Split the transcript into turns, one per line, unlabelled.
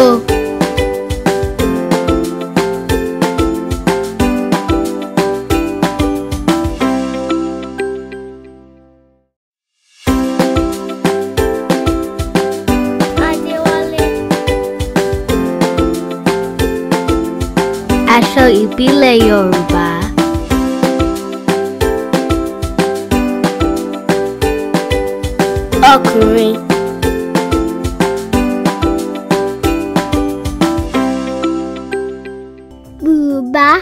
go.
Aṣọ ìbílẹ̀ Yorùbá.
Ọkùnrin.
ba?